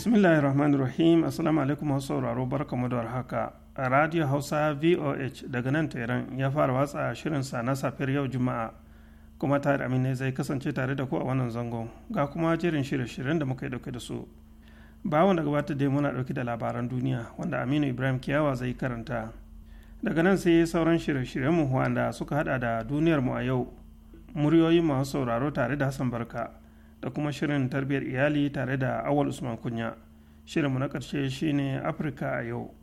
bismillahir rahmanir rahim assalamu alaikum masu sauraro mu da haka a radio hausa voh daga nan tehran ya fara watsa shirin sa na safiyar yau juma'a kuma tare ne zai kasance tare da ku a wannan zangon ga kuma jerin shirye-shiryen da muka yi dauke da su bawon da gabata dai muna dauke da labaran duniya wanda aminu ibrahim kiyawa zai karanta daga nan sai sauran shirye-shiryen mu wanda suka hada da duniyar mu a yau muryoyi masu sauraro tare da hassan barka da kuma shirin tarbiyyar iyali tare da awal usman kunya shirinmu na ƙarshe shine afirka a yau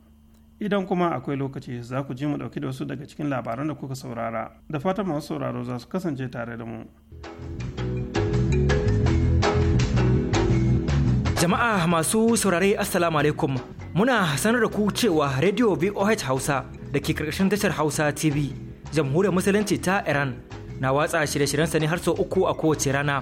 idan kuma akwai lokaci za ku ji mu ɗauki da wasu daga cikin labaran da kuka saurara da fatan masu sauraro za su kasance tare da mu jama'a masu saurare assalamu alaikum muna sanar da ku cewa radio voh hausa da ke karkashin tashar hausa tv jamhuriyar musulunci ta iran na watsa shirye shiryen sani har sau uku a kowace rana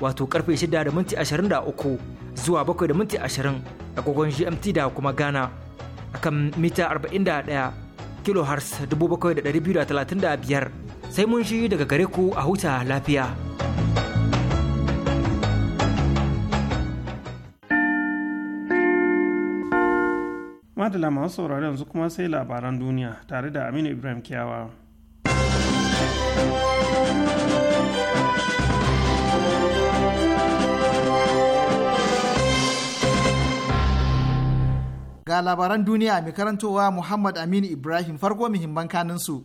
wato karfe 6:23 zuwa 7:20 agogon GMT da kuma Ghana kan mita 41 kilohertz 7,235 sai mun shi daga gare ku a huta lafiya. Madala masu saurari yanzu kuma sai labaran duniya tare da Aminu Ibrahim Kiyawa. Ga labaran duniya mai karantowa Muhammad Aminu Ibrahim farko muhimman kanin su.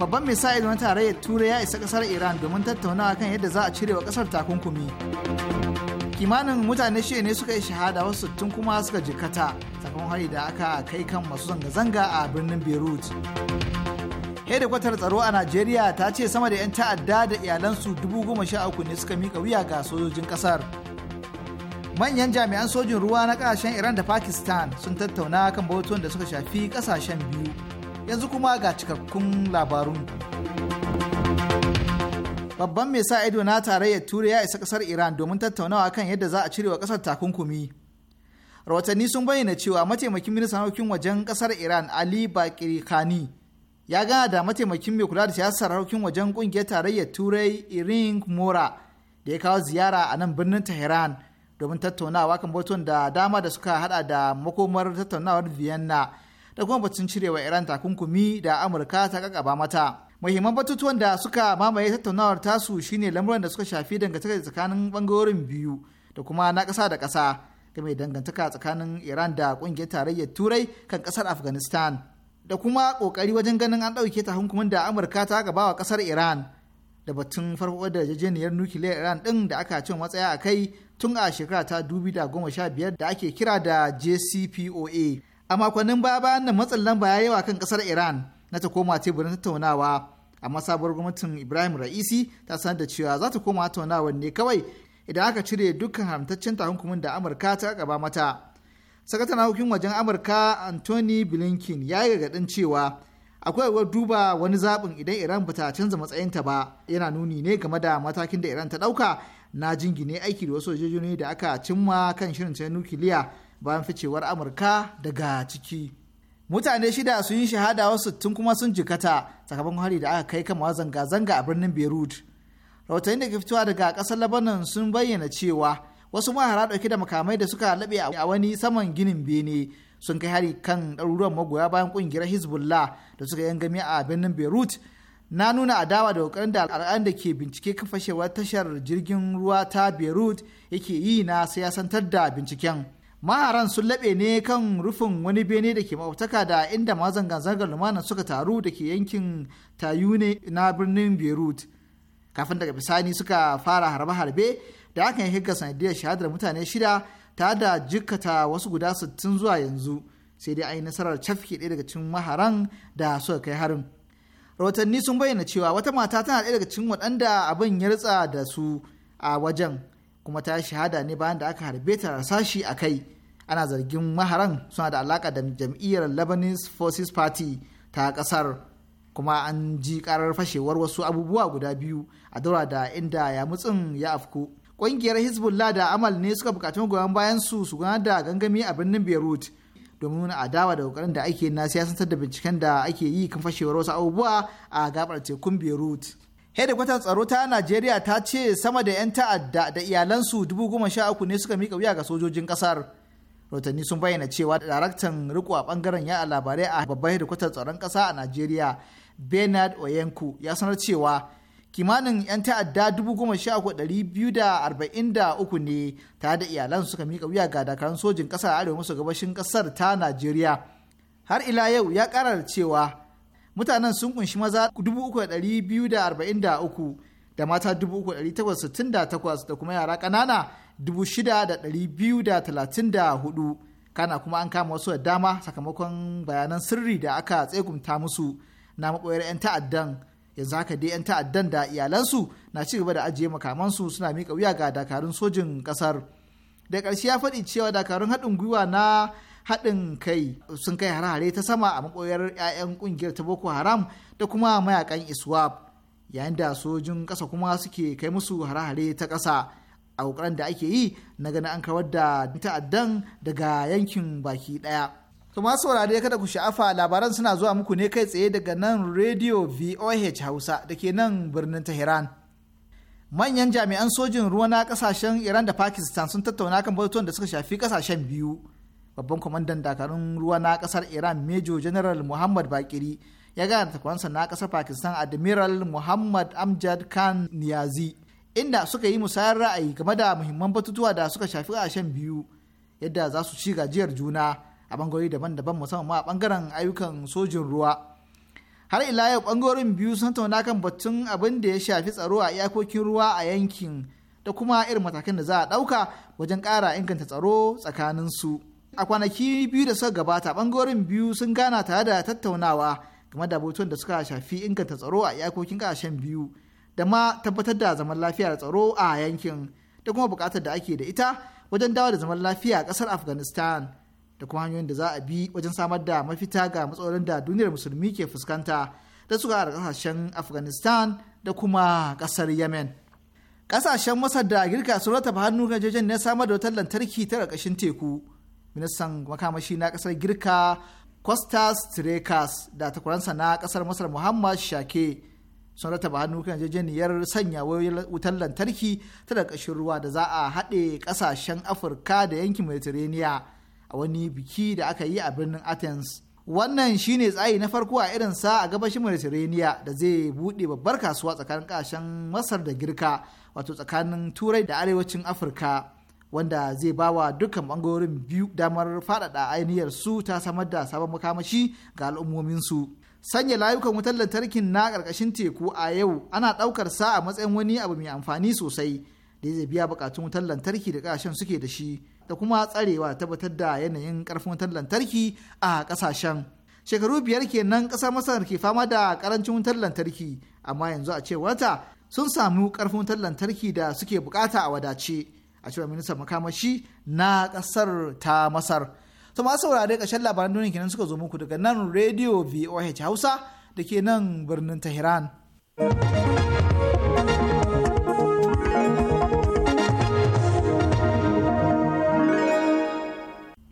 Babban mai sa na tarayyar Turai ya isa kasar Iran domin tattaunawa kan yadda za a wa kasar takunkumi. Kimanin mutane shi ne suka yi shahada wasu tun kuma suka jikata sakamakon hari da aka kai kan masu zanga-zanga a birnin Beirut. hedikwatar tsaro a najeriya ta ce sama da 'yan ta'adda da iyalansu dubu goma sha uku ne suka mika wuya ga sojojin kasar manyan jami'an sojin ruwa na kasashen iran da pakistan sun tattauna kan bautuwan da suka shafi kasashen biyu yanzu kuma ga cikakkun labarun babban mai sa ido na tarayyar turai ya isa kasar iran domin tattaunawa kan yadda za a cire wa kasar takunkumi rahotanni sun bayyana cewa mataimakin ministan harkokin wajen kasar iran ali Bakir khani ya gana da mataimakin mai kula da siyasar harkokin wajen kungiyar tarayyar turai irin mora da ya kawo ziyara a nan birnin tehran domin tattaunawa kan batun da dama da suka hada da makomar tattaunawar vienna da kuma batun cirewa iran takunkumi da amurka ta kakaba mata muhimman batutuwan da suka mamaye tattaunawar tasu shine lamuran da suka shafi dangantaka tsakanin bangarorin biyu da kuma na kasa da kasa game dangantaka tsakanin iran da kungiyar tarayyar turai kan kasar afghanistan da kuma kokari wajen ganin an ɗauke ta hukumin da amurka ta gaba wa ƙasar iran da batun farko da jajeniyar nukiliyar iran ɗin da aka cin matsaya a kai tun a shekara ta biyar da ake kira da jcpoa a makonnin baya bayan nan matsin lamba ya yi wa kan ƙasar iran na ta koma teburin tattaunawa amma sabuwar gwamnatin ibrahim ra'isi ta sanar da cewa za ta koma tattaunawar ne kawai idan aka cire dukkan haramtaccen takunkumin da amurka ta gaba mata sakataren harkokin wajen amurka anthony blinken ya yi gargaɗin cewa akwai yiwuwar duba wani zaɓin idan iran bata canza matsayinta ba yana nuni ne game da matakin da iran ta ɗauka na jingine aiki da wasu yarjejeniyoyi da aka cimma kan shirin ta nukiliya bayan ficewar amurka daga ciki mutane shida sun yi shahada wasu tun kuma sun jikata sakamakon hari da aka kai kama zanga-zanga a birnin beirut rahotanni da ke fitowa daga ƙasar labanan sun bayyana cewa wasu mahara dauke da makamai da suka labe a wani saman ginin bene sun kai hari kan ɗaruruwan magoya bayan ƙungiyar hezbollah da suka gami a birnin beirut na nuna adawa da ƙoƙarin da al'adun da ke bincike kan fashewar tashar jirgin ruwa ta beirut yake yi na siyasantar da binciken maharan sun laɓe ne kan rufin wani bene da ke mautaka da inda ma zanga-zangar lumana suka taru da ke yankin tayune na birnin beirut kafin daga bisani suka fara harbe-harbe da aka yi higga sanadiyar shahadar mutane shida ta da jikata wasu guda sittin zuwa yanzu sai dai an yi nasarar cafke ɗaya daga cikin maharan da suka kai harin rahotanni sun bayyana cewa wata mata tana ɗaya daga cikin waɗanda abin ya ritsa da su a wajen kuma ta shahada ne bayan da aka harbe ta rasashi a kai ana zargin maharan suna da alaka da jam'iyyar lebanese forces party ta ƙasar kuma an ji karar fashewar wasu abubuwa guda biyu a daura da inda yamutsin ya afku Ƙungiyar Hezbollah da Amal ne suka bukaci goyon bayan su su gudanar da gangami a birnin Beirut domin nuna adawa da kokarin da ake na siyasantar da binciken da ake yi kan fashewar wasu abubuwa a gabar tekun Beirut. hedikwatar tsaro ta najeriya ta ce sama da 'yan ta'adda da iyalansu dubu goma sha uku ne suka mika wuya ga sojojin kasar rotanni sun bayyana cewa daraktan riko a bangaren ya labarai a babban hedikwatar tsaron kasa a najeriya bernard oyenku ya sanar cewa kimanin 'yan ta'adda 13,243 ne tare da iyalan suka mika wuya ga dakarun sojin ƙasar arewa maso gabashin kasar ta najeriya har ila yau ya karar cewa mutanen sun kunshi maza 3,243 da mata 3,868 da kuma yara ƙanana 6,234 kana kuma an kama wasu da dama sakamakon bayanan sirri da aka tsegumta musu na maɓoyar 'yan ta'addan yanzu haka dai 'yan ta'addan da iyalansu na ci gaba da ajiye makamansu suna mika wuya ga dakarun sojin ƙasar da ƙarshe ya faɗi cewa dakarun haɗin gwiwa na haɗin kai sun kai harare ta sama a maɓoyar 'ya'yan ƙungiyar ta boko haram da kuma mayakan iswap yayin da sojin ƙasa kuma suke kai musu hare ta ƙasa a da ake yi na gani an kawar da ta'addan daga yankin baki ɗaya. To masu saurare kada ku sha'afa labaran suna zuwa muku ne kai tsaye daga nan Radio VOH Hausa da ke nan birnin Tehran. Manyan jami'an sojin ruwa na kasashen Iran da Pakistan sun tattauna kan batutuwan da suka shafi kasashen biyu. Babban kwamandan dakarun ruwa na kasar Iran Major General Muhammad Bakiri ya da takwansa na kasar Pakistan Admiral Muhammad Amjad Khan Niyazi inda suka yi musayar ra'ayi game da muhimman batutuwa da suka shafi kasashen biyu yadda za su ci gajiyar juna. a bangarori daban-daban musamman a bangaren ayyukan sojin ruwa har ila yau bangarorin biyu sun tattauna kan batun abin da ya shafi tsaro a iyakokin ruwa a yankin da kuma irin matakan da za a ɗauka wajen kara inganta tsaro tsakanin su a kwanaki biyu da suka gabata bangarorin biyu sun gana tare da tattaunawa game da abubuwan da suka shafi inganta tsaro a iyakokin kasashen biyu da ma tabbatar da zaman lafiya da tsaro a yankin da kuma buƙatar da ake da ita wajen dawo da zaman lafiya a kasar afghanistan da kuma hanyoyin da za a bi wajen samar da mafita ga matsalolin da duniyar musulmi ke fuskanta da suka a kasashen afghanistan da kuma kasar yemen kasashen masar da girka sun rataba hannu kan jejen na samar da wutar lantarki ta ƙarƙashin teku ministan makamashi na kasar girka kostas trekas da takwaransa na kasar masar muhammad shake sun rataba hannu kan yarjejeniyar sanya wutar lantarki ta rakashin ruwa da za a haɗe kasashen afirka da yankin mediterranean a wani biki da aka yi a birnin Athens. Wannan shine tsayi na farko a irin sa a gabashin Mediterranean da zai buɗe babbar kasuwa tsakanin ƙasashen Masar da Girka wato tsakanin Turai da Arewacin Afirka wanda zai bawa dukkan bangarorin biyu damar faɗaɗa ainihiyar su ta samar da sabon makamashi ga al'ummominsu. Sanya layukan wutar lantarkin na ƙarƙashin teku a yau ana ɗaukar sa a matsayin wani abu mai amfani sosai da zai biya buƙatun wutar lantarki da ƙasashen suke da shi. da kuma tsarewa tabbatar da yanayin karfin wutar lantarki a kasashen shekaru biyar kenan kasar masar ke fama da karancin wutar lantarki amma yanzu a cewarta sun samu karfin wutar lantarki da suke bukata a wadace a cewar ministan makamashi na kasar ta masar to ma saurare ƙarshen labaran duniya kenan suka zo muku daga nan radio voh hausa da ke nan birnin tehran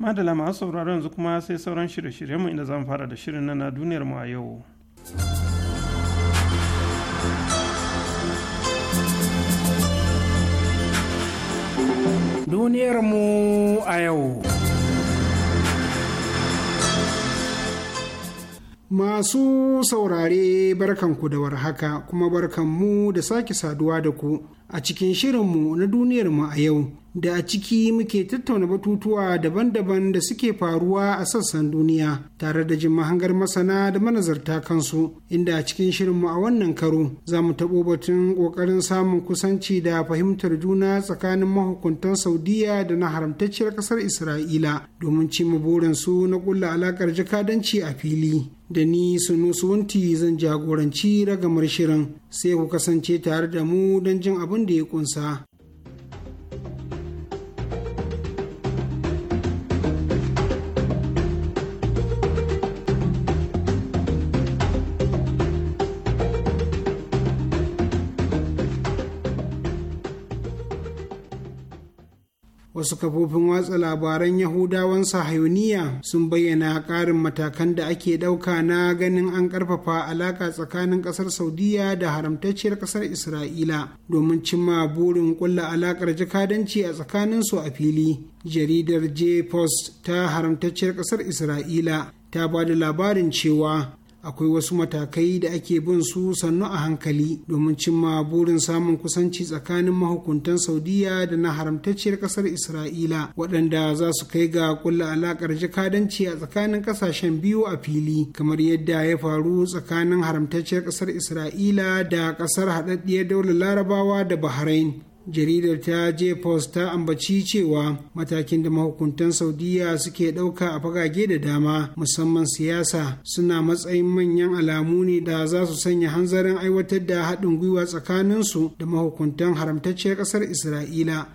madala masu sauraro yanzu kuma sai sauran shirye-shiryenmu inda zamu fara da shirin na duniyar mu a yau duniyar mu a yau Masu saurare barkanku da warhaka kuma barkanmu da sake saduwa da ku a cikin shirinmu na duniyarmu a yau da a ciki muke tattauna batutuwa daban-daban da suke faruwa a sassan duniya tare da jin mahangar masana da manazarta kansu inda a cikin shirinmu a wannan karo za mu taɓo batun ƙoƙarin samun kusanci da fahimtar juna tsakanin mahukuntan saudiya da na haramtacciyar ƙasar isra'ila domin cimma burinsu na ƙulla alaƙar jakadanci a fili da ni sunu wunti zan jagoranci ragamar shirin sai ku kasance tare da mu don jin abin da ya kunsa. wasu kafofin watsa labaran yahudawan sahayuniya sun bayyana ƙarin matakan da ake ɗauka na ganin an ƙarfafa alaƙa tsakanin ƙasar saudiya da haramtacciyar ƙasar isra'ila domin cimma burin ƙulla alaƙar jakadanci a su a fili jaridar j post ta haramtacciyar ƙasar isra'ila ta ba da labarin cewa akwai wasu matakai da ake bin su sannu a hankali domin cimma burin samun kusanci tsakanin mahukuntan saudiya da na haramtacciyar kasar isra'ila waɗanda za su kai ga kulla alaƙar jakadanci a tsakanin ƙasashen biyu a fili kamar yadda ya faru tsakanin haramtacciyar kasar isra'ila da ƙasar haɗaɗɗiyar daular larabawa da bahrain jaridar ta je post ta ambaci cewa matakin da mahukuntan saudiya suke ɗauka a fagage da dama musamman siyasa suna matsayin manyan alamu ne da za su sanya hanzarin aiwatar da haɗin gwiwa tsakaninsu da mahukuntan haramtacciyar ƙasar isra'ila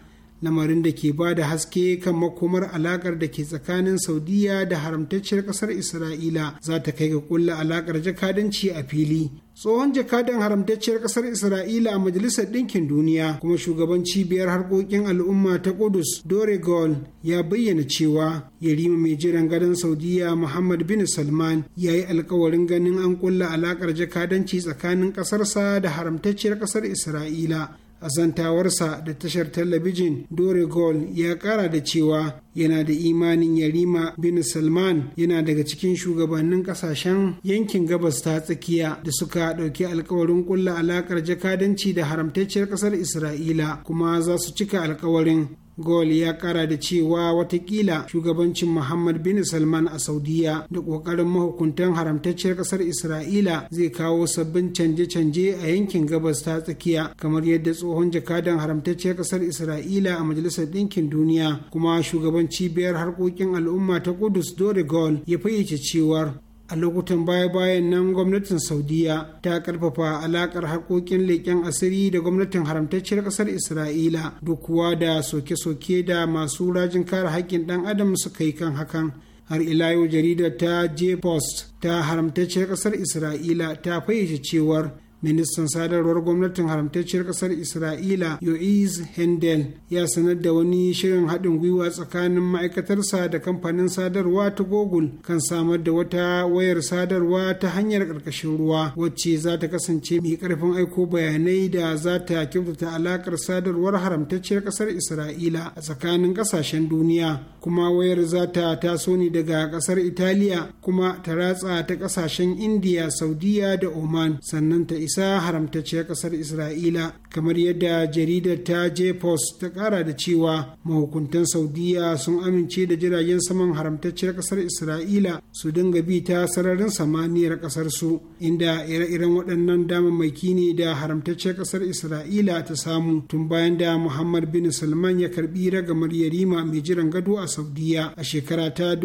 lamarin da ke ba da haske kan makomar alakar da ke tsakanin saudiya da haramtacciyar ƙasar isra'ila za ta kai ga ƙulla alakar jakadanci a fili tsohon jakadan haramtacciyar kasar isra'ila a majalisar ɗinkin duniya kuma shugaban cibiyar harkokin al'umma ta kudus dore gol ya bayyana cewa yarima mai jiran gadon saudiya muhammad bin salman ya yi alkawarin ganin an kulla alakar jakadanci tsakanin ƙasarsa da haramtacciyar kasar isra'ila a zantawarsa da tashar talabijin dore gol ya kara da cewa yana da imanin yarima bin salman yana daga cikin shugabannin kasashen yankin gabas ta tsakiya da suka ɗauki alkawarin kulla alakar jakadanci da haramtacciyar ƙasar isra'ila kuma za su cika alkawarin gol ya kara da cewa watakila shugabancin muhammad bin salman a saudiya da kokarin mahukuntan haramtacciyar kasar isra'ila zai kawo sabbin canje-canje a yankin gabas ta tsakiya kamar yadda tsohon jakadan haramtacciyar kasar isra'ila a majalisar ɗinkin duniya kuma shugaban cibiyar harkokin al'umma ta kudus dore gol ya fayyace cewar a lokutan baya-bayan nan gwamnatin saudiya ta karfafa alakar harkokin leƙen asiri da gwamnatin haramtacciyar ƙasar isra'ila duk kuwa da soke-soke da masu rajin kare haƙƙin ɗan adam suka yi kan hakan har ila yau jaridar ta j-post ta haramtacciyar ƙasar isra'ila ta fayyace cewar ministan sadarwar gwamnatin haramtacciyar kasar isra'ila yoiz hendel ya sanar da wani shirin haɗin gwiwa tsakanin ma'aikatarsa da kamfanin sadarwa ta google kan samar da wata wayar sadarwa ta hanyar ƙarƙashin ruwa wacce za ta kasance mai ƙarfin aiko bayanai da za ta kyautata alaƙar sadarwar haramtacciyar ƙasar isra'ila a tsakanin ƙasashen duniya kuma wayar za ta taso ne daga ƙasar italiya kuma ta ratsa ta ƙasashen indiya saudiya da oman sannan ta isa haramtacciyar ƙasar isra'ila kamar yadda jaridar ta je post ta ƙara da cewa mahukuntan saudiya sun amince da jiragen saman haramtacciyar ƙasar isra'ila su dinga bi ta sararin samaniyar ƙasar su inda ire-iren waɗannan damammaki ne da haramtacciyar ƙasar isra'ila ta samu tun bayan da muhammad bin salman ya karbi ragamar yarima mai jiran gado a saudiya a shekara ta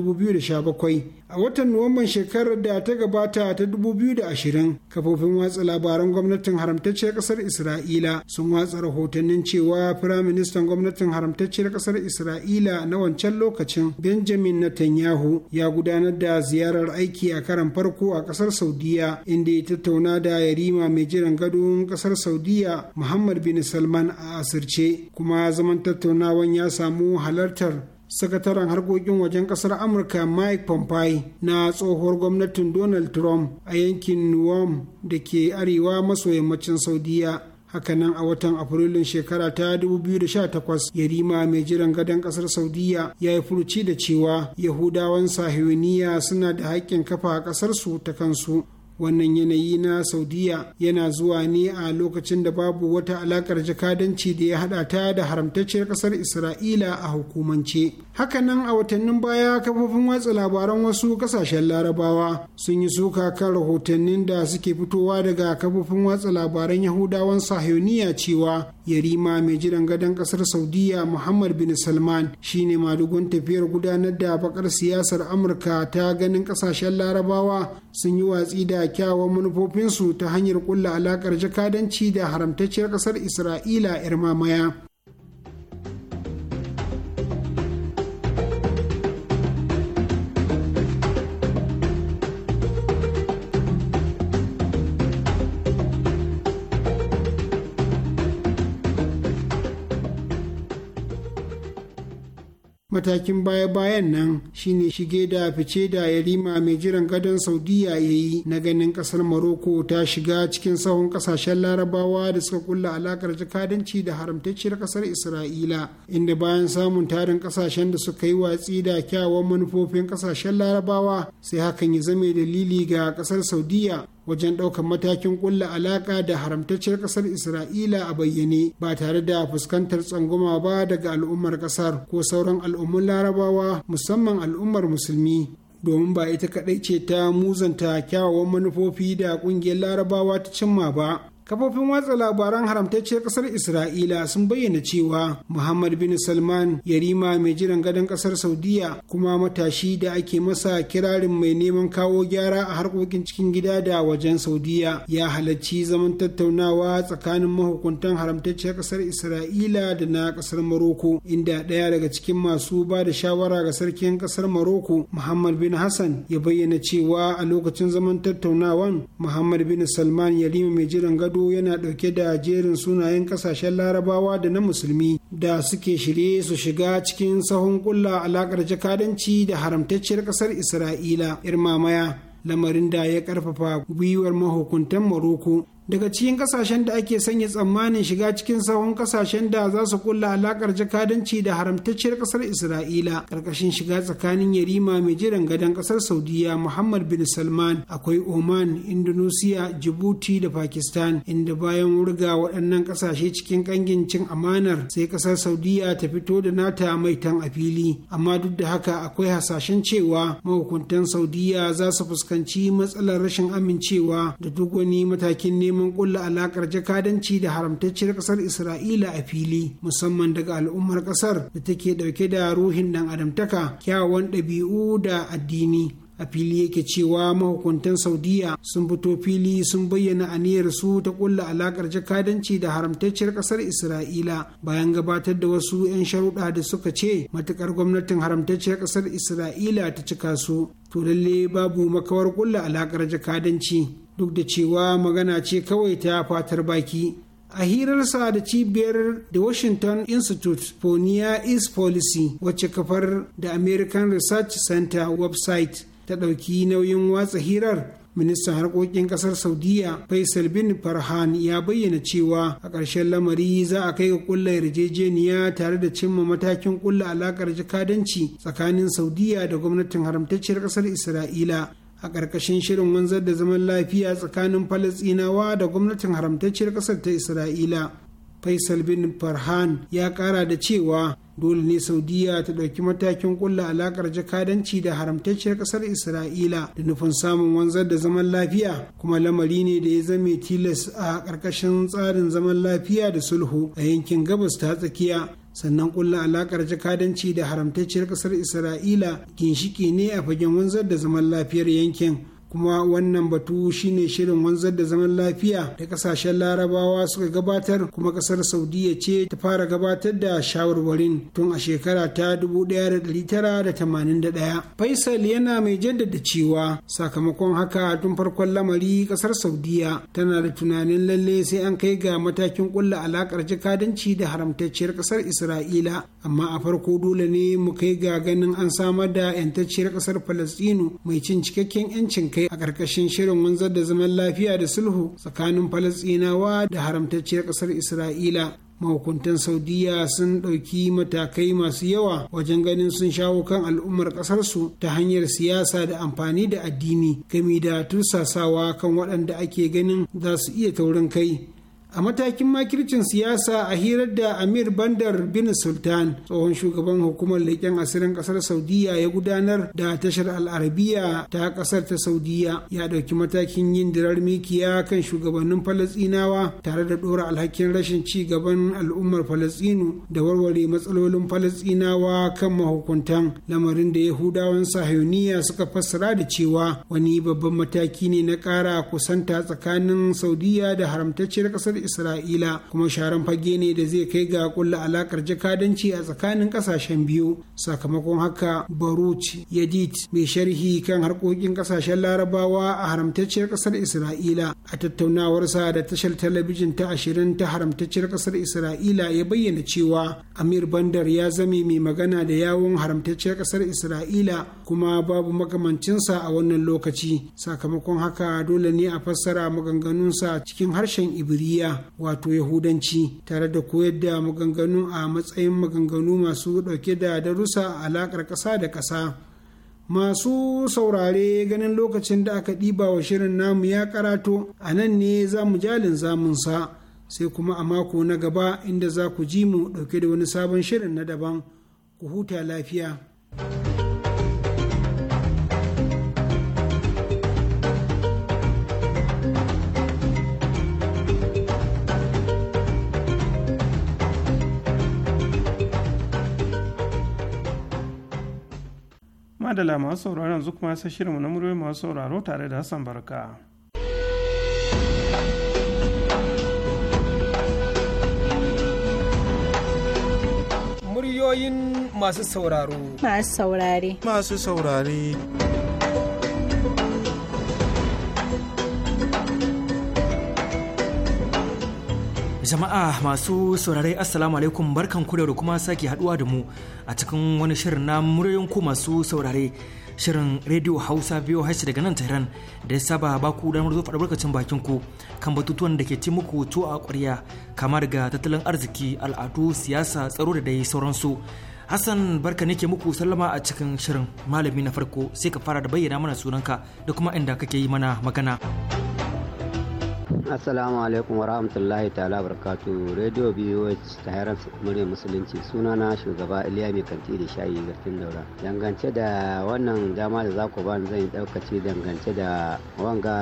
bakwai a watan nuwamban shekarar da ta gabata ta 2020 kafofin watsa labarai labaran gwamnatin haramtacciyar kasar isra'ila sun watsa rahotannin cewa firaministan gwamnatin haramtacciyar kasar isra'ila na wancan lokacin benjamin netanyahu ya gudanar da ziyarar aiki a karan farko a kasar saudiya inda ya tattauna da yarima mai jiran gadon kasar saudiya muhammad bin salman a asirce kuma zaman tattaunawan ya samu halartar sakataren harkokin wajen kasar amurka mike pompeo na tsohuwar gwamnatin donald trump a yankin nuwam da ke arewa maso yammacin saudiya hakanan a watan afrilun shekara ta 2018 yarima mai jiran gadon kasar saudiya ya yi furuci da cewa yahudawan sahiwiniya suna da haƙƙin kafa a ƙasarsu ta kansu wannan yanayi na saudiya yana zuwa ne a lokacin da babu wata alakar jakadanci da ya hada ta da haramtacciyar kasar isra'ila a hukumance hakanan a watannin baya kafofin watsa labaran wasu kasashen larabawa sun yi suka kan rahotannin da suke fitowa daga kafofin watsa labaran yahudawan sahiyoniya cewa yarima mai jiran gadon kasar saudiya muhammad bin salman shine madugun tafiyar gudanar da bakar siyasar amurka ta ganin kasashen larabawa sun yi watsi da kyawawan manufofinsu ta hanyar kulla alakar jakadanci da haramtacciyar kasar isra'ila yar mamaya matakin baya-bayan nan shine shige da fice da yarima mai jiran gadon saudiya ya yi na ganin kasar maroko ta shiga cikin sahun kasashen larabawa da suka kulla alakar jakadanci da haramtacciyar kasar isra'ila inda bayan samun tarin kasashen da suka yi watsi da kyawawan manufofin kasashen larabawa sai hakan ya zame dalili ga kasar saudiya wajen ɗaukar matakin ƙulla alaƙa da haramtacciyar ƙasar isra'ila a bayyane ba tare da fuskantar tsangwama ba daga al'ummar ƙasar ko sauran al'ummun larabawa musamman al'ummar musulmi domin ba ita kaɗai ce ta muzanta kyawawan manufofi da ƙungiyar larabawa ta cimma ba kafofin watsa labaran haramtacciyar kasar isra'ila sun bayyana cewa muhammad bin salman yarima mai jiran gadon kasar saudiya kuma matashi da ake masa kirarin mai neman kawo gyara a harkokin cikin gida da wajen saudiya ya halarci zaman tattaunawa tsakanin mahukuntan haramtacciyar kasar isra'ila da na kasar maroko inda ɗaya daga cikin masu ba da shawara ga sarkin kasar maroko muhammad bin hassan ya bayyana cewa a lokacin zaman tattaunawan muhammad bin salman yarima mai jiran gado gado yana ɗauke da jerin sunayen ƙasashen larabawa da na musulmi da suke shirye su shiga cikin sahun ƙulla alaƙar jakadanci da haramtacciyar ƙasar isra'ila irmamaya lamarin da ya ƙarfafa gwiwar mahukuntan Maroko daga cikin kasashen da ake sanya tsammanin shiga cikin sahun kasashen da za su kulla alakar jakadanci da haramtacciyar kasar isra'ila karkashin shiga tsakanin yarima mai jiran gadon kasar saudiya muhammad bin salman akwai oman indonesia djibouti da pakistan inda bayan wurga waɗannan kasashe cikin kangin cin amanar sai kasar saudiya ta fito da nata mai tan a fili amma duk da haka akwai hasashen cewa mahukuntan saudiya za su fuskanci matsalar rashin amincewa da duk wani matakin neman neman kulla alakar jakadanci da haramtacciyar kasar isra'ila a fili musamman daga al'ummar kasar da take dauke da ruhin dan adamtaka kyawawan ɗabi'u da addini a fili yake cewa mahukuntan saudiya sun fito fili sun bayyana aniyar su ta kulla alakar jakadanci da haramtacciyar kasar isra'ila bayan gabatar da wasu 'yan sharuɗa da suka ce matukar gwamnatin haramtacciyar kasar isra'ila ta cika su to lalle babu makawar kulla alakar jakadanci duk da cewa magana ce kawai ta fatar baki a hirarsa da cibiyar The washington institute for near east policy wacce kafar da american research center website ta ɗauki nauyin watsa hirar ministan harkokin ƙasar saudiya faisal bin farhan ya bayyana cewa a ƙarshen lamari za a kai ga ƙulla yarjejeniya tare da cimma matakin ƙulla alaƙar Jikadanci tsakanin saudiya da gwamnatin haramtacciyar ƙasar isra'ila a ƙarƙashin shirin wanzar da zaman lafiya tsakanin falasinawa da gwamnatin haramtacciyar ƙasar ta isra'ila faisal bin farhan ya ƙara da cewa dole ne saudiya ta ɗauki matakin ƙulla alaƙar jakadanci da haramtacciyar ƙasar isra'ila da nufin samun wanzar da zaman lafiya kuma lamari ne da ya zame tilas a ƙarƙashin tsarin zaman lafiya da sulhu a yankin gabas ta tsakiya sannan kulla alakar jakadanci da haramtacciyar kasar isra'ila ginshiki ne a fagen wanzar da zaman lafiyar yankin kuma wannan batu shine shirin wanzar da zaman lafiya da kasashen larabawa suka gabatar kuma kasar saudiya ce ta fara gabatar da shawarwarin tun a shekara ta 1981 faisal yana mai jaddada cewa sakamakon haka tun farkon lamari kasar saudiya tana da tunanin lalle sai an kai ga matakin kulla alakar jakadanci da haramtacciyar kasar isra'ila amma a farko dole ne mu kai ga ganin an samar da 'yantacciyar kasar falastinu mai cin cikakken 'yancin kai a ƙarƙashin shirin wanzar da zaman lafiya da sulhu tsakanin falasɗinawa da haramtacciyar ƙasar isra'ila mahukuntan saudiya sun ɗauki matakai masu yawa wajen ganin sun shawo kan al'ummar ƙasarsu ta hanyar siyasa da amfani da addini gami da tursasawa kan waɗanda ake ganin za su iya taurin kai a matakin makircin siyasa a hirar da amir bandar bin sultan tsohon shugaban hukumar leƙen asirin ƙasar saudiya ya gudanar da tashar al'arabiya ta ƙasar ta saudiya ya ɗauki matakin yin dirar mikiya kan shugabannin Falasinawa? tare da ɗora alhakin rashin ci gaban al'ummar Falasinu da warware matsalolin Falasinawa kan mahukuntan lamarin da yahudawan sahiyoniya suka fassara da cewa wani babban mataki ne na ƙara kusanta tsakanin saudiya da haramtacciyar ƙasar isra'ila kuma sharan fage ne da zai kai ga kulla alakar jakadanci a tsakanin kasashen biyu sakamakon haka baruch yadid mai sharhi kan harkokin kasashen larabawa a haramtacciyar kasar isra'ila a tattaunawarsa da tashar talabijin ta ashirin ta haramtacciyar kasar isra'ila ya bayyana cewa amir bandar ya zame mai magana da yawon haramtacciyar kasar isra'ila kuma babu makamancinsa a wannan lokaci sakamakon haka dole ne a fassara maganganunsa cikin harshen ibriya wato yahudanci tare da koyar da maganganu a matsayin maganganu masu dauke da darussa a alaƙar ƙasa da ƙasa masu saurare ganin lokacin da aka ɗiba wa shirin namu ya karato a nan ne za mu jalin zamunsa sai kuma a mako na gaba inda za ku ji mu ɗauke da wani sabon shirin na daban ku huta lafiya. madala masu sauraron zuk kuma sai shirinmu na muryoyi masu sauraro tare da hassan barka muryoyin masu sauraro masu saurare masu saurare Jama'a masu saurare Assalamu alaikum barkan ku da kuma sake haduwa da mu a cikin wani shirin na muryoyin ku masu saurare shirin Radio Hausa biyo hashi daga nan Tehran da ya saba ba ku damar zo faɗa barkacin bakin ku kan batutuwan da ke ci muku to a ƙwarya kama daga tattalin arziki al'adu siyasa tsaro da dai sauransu. Hassan barka ne ke muku sallama a cikin shirin malami na farko sai ka fara da bayyana mana sunanka da kuma inda kake yi mana magana. assalamu alaikum wa rahmatullahi ta'ala barkatu radio boh ta heran murya musulunci sunana shugaba iliya mai kanti da shayi zartin daura dangance da wannan dama da za ku ba zan yi daukaci dangance da wanga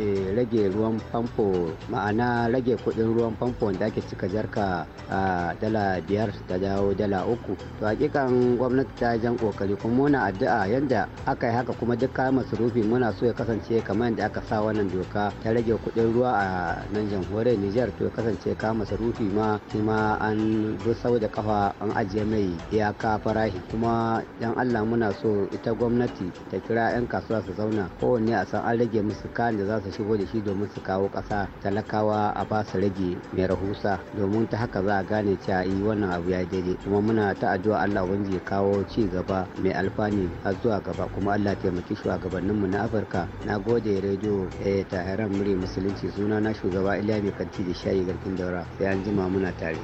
eh, rage ruwan famfo ma'ana rage kudin ruwan famfo da ake cika jarka a dala biyar ta dawo dala uku to hakikan gwamnati ta jan kokari kuma muna addu'a yanda aka yi haka kuma duk kayan masarufi muna so ya kasance kamar yadda aka sa wannan doka ta rage kudin ruwa a nan jamhuriyar Nijar to kasance ka sarufi ma shi ma an bi sau da kafa an ajiye mai iyaka farahi kuma yan Allah muna so ita gwamnati ta kira 'yan kasuwa su zauna kowanne a san an rage musu kayan da za su shigo da shi domin su kawo kasa talakawa a ba su rage mai rahusa domin ta haka za a gane cewa yi eh, wannan abu ya daidai kuma muna ta addu'a Allah wanda ya kawo ci gaba mai alfani a zuwa gaba kuma Allah taimaki shugabanninmu na Afirka na gode rediyo ta eh, tahiran muri musulunci ke suna na shugaba iliya mai kanti da shayi garkin daura sai an jima muna tare